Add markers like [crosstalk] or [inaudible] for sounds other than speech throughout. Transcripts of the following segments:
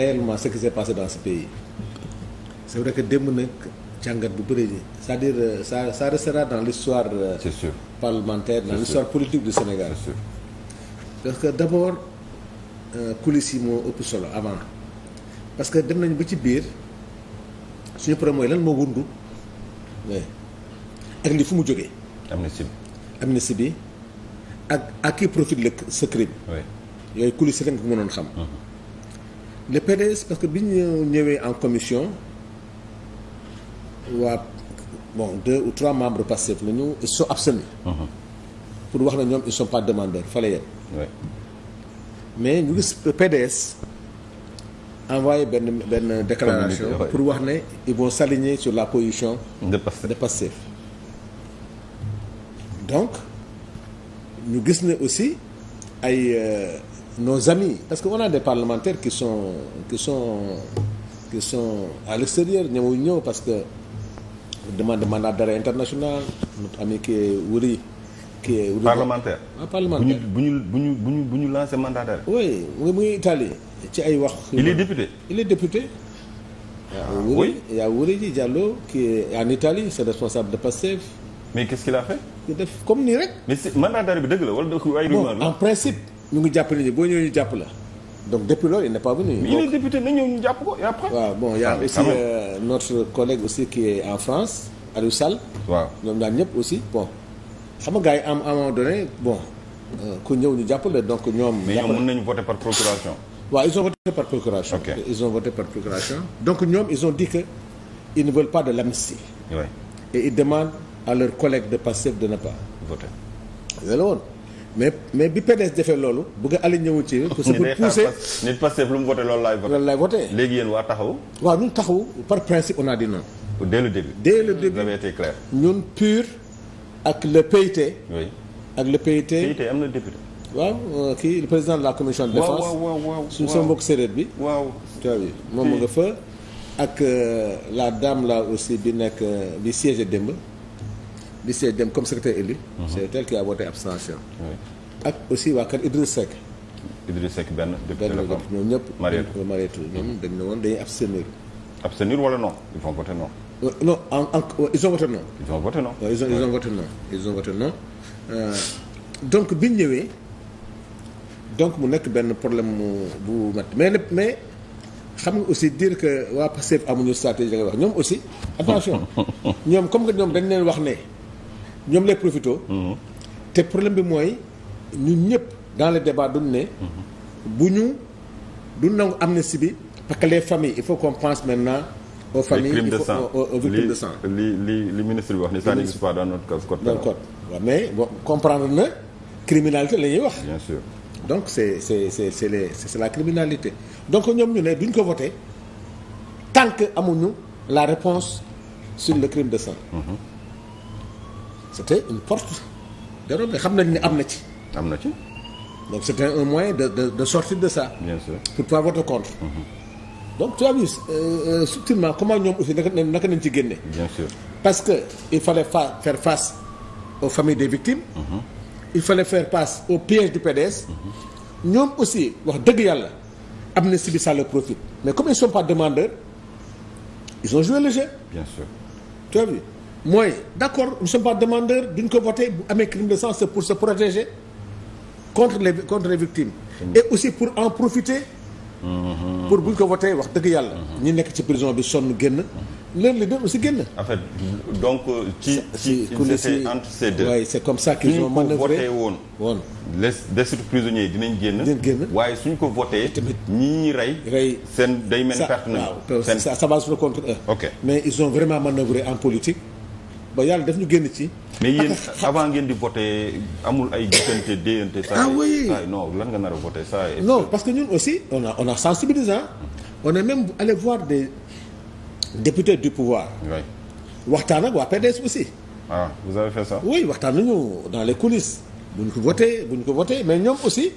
réellement ce qui s'est passé dans ce pays c'est vrai que démb nag jàngat bu bëri ji c'est-à-dire euh, ça ça restera dans l'histoire euh, c'est sûr parlementaire dans l'histoire politique du Sénégal parce que d'abord euh, coulisses yi moo ëpp solo avant parce que dem nañ ba ci biir suñu problème mooy lan moo wundu ak li fu mu jógee amnistie bi amnistie bi ak à qui profite le ce crime yooyu coulisses rek nga ko mënoon xam mm-hmm. le PDS parce que bi ñu ñëwee en commission waa bon deux ou trois membres Pastef la ñu ils uh-huh. pour wax na ñoom ils sont pas demandeurs fa la yem. mais ñu gis PDS envoyé benn benn déclaration pour wax ne ils vont s'aligner sur la position de Pastef de donc ñu gis ne aussi ay. Euh, nos amis parce que on a des parlementaires qui sont qui sont qui sont à ñëw parce que demande mandat d'arrêt international notre ami qui est Wuri qui est Wuri parlementaire ah, bu ñu bu ñu bu ñu bu ñu lancé mandat d'arrêt oui mu ngi Italie ci ay wax il est député il est député waaw ah, Wuri yaa Wuri ji Diallo qui est en Italie c'est responsable de PASTEF mais qu'est-ce qu'il a fait def comme nii rek mais mandat d'arrêt bi dëgg la wala waaye en principe ñu ngi jàppale boo ñëwee ñu jàpp la donc depuis loolu il n'est pas venu. il est député na ñëw ñu jàpp ko et après. waaw bon y a ah, aussi euh, notre collègue aussi qui est en France Aliou Sall. ñoom daan ñëpp aussi bon xam nga gars yi am à un moment donné bon euh, ku ñëw ñu jàppale donc ñoom. mais ñoom mën nañu voter par procuration. waaw ils ont voté par procuration. Okay. par procuration. donc ñoom ils ont dit que ils ne veulent pas de l'amnistie. Ouais. et ils demandent à leurs collègues de Pastef de ne pas la woon. mais mais bi PDS defee loolu bëgg a Aliou ñëwul ci [laughs] parce que pour nit Pastef lu mu voté loolu laay voté loolu laay voté léegi yéen waa taxaw waaw ñun taxaw par principe on a dit non dès le début dès le début vous ñun pur ak le PIT ak le PIT PIT am na député waaw euh, kii le président de la commission de défense suñu sama mbokk séeréer bi waaw moom as nga fa ak euh, la dame la aussi bi nekk euh, bi siège démb lycée Deme comme secrétaire élu. Mhm. c'est elle a voté abstention. ak aussi waa kër Idriss benn député la ko ñëpp. Mariétou euh, Mariétou ñoom mhm. dañ ne woon dañuy abstenir. abstenir wala non ils vont voter non. Euh, non en en ils ont voté non. ils donc bi ñëwee donc mu nekk benn problème bu mat mais lépp mais. xam nga aussi dire que waa Pastef amuñu stratégie wax ñoom aussi attention [laughs] ñoom comme que ñoom dañ leen wax ne ñoom lay profito mhm. te problème bi mooy ñun ñëpp dans le débat duñ ne mhm. bu ñu du nangu amnistie na parce que les familles il faut qu'on pense maintenant aux familles il faut aux, aux victimes de li li li ministre bi wax ni ça n'existe pas dans notre code dans le code waaw mais bon comprendre na criminalité la wax bien sûr donc c'est c'est c'est les c'est la criminalité donc ñoom ñu ne duñ ko voté tant que amuñu la réponse sur le crime de sang mhm. c'était une porte dérobée xam nañ ni am na ci. am na ci. donc c'était un moyen de de de sortir de ça. bien sûr pour pouvoir voter contre. Mhm. donc tu as vu euh, euh subtilement comment ñoom aussi naka naka nañ ci génne. bien parce que il fallait fa faire face aux familles des victimes. Mm -hmm. il fallait faire face au piège du PDS. Mhm. ñoom aussi wax dëgg yàlla am na ça leur profite mais comme ils sont pas demandeurs ils ont joué le jeu. vu. mooy d'accord nous ne sommes pas demandeurs duñ ko voter bu amee crime de sang pour se protéger contre les contre les victimes. Mm. et aussi pour en profiter. Mm-hmm. pour buñ ko voter wax dëgg yàlla. Mm-hmm. ñi nekk ci prison bi sonn génn. Mm-hmm. leur leader aussi génn. en fait donc euh, ci ci ci entre ces deux. waaye c'est comme ça qu'ils ont manœuvré suñ woon. woon les destituts prisonniers dinañ génn. dinañ génn waaye suñ ko voté. tamit ñii rey. rey seen day mel. perte nañu seen ça ça mais ils ont vraiment manœuvré en politique. ba yàlla def ñu génn ci. mais yéen avant ngeen di voté amul ay gisante déyante. saa yi ah non lan nga nar a voté saa non parce que ñun aussi on a on a sensibilisé on est même allé voir des députés du pouvoir. waxtaan ak waa PDS aussi. ah vous avez fait ça. oui waxtaan nañu dans les coulisses bu ñu ko voté bu ko voté mais ñoom aussi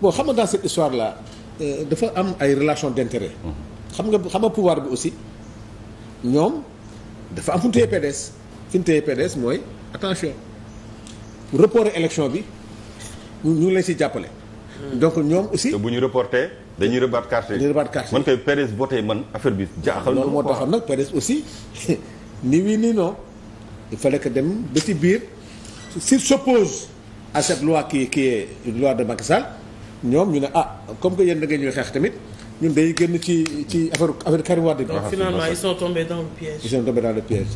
bon xam nga dans cette histoire là euh, dafa am ay relation d' intérêt. Mm-hmm. xam nga xam nga pouvoir bi aussi ñoom. dafa am fu ñu téye PDS fi ñu mooy attention pour reporter élection bi ñu ngi leen si jàppale. Hmm. donc ñoom aussi. bu ñu reporté dañuy rebattre carte yi. dañuy rebattre carte man kay man affaire bi jaaxal. loolu moo taxoon nag PDS aussi [laughs] ni oui ni noo il fallait dem ba ci biir s'il s'oppose à cette kii qui qui de Macky ñoom ñu ne ah comme que yéen da ngeen ñuy xeex tamit. ñun day génn ci ci affaire affaire Karim Wade finalement ils sont tombés dans le piège.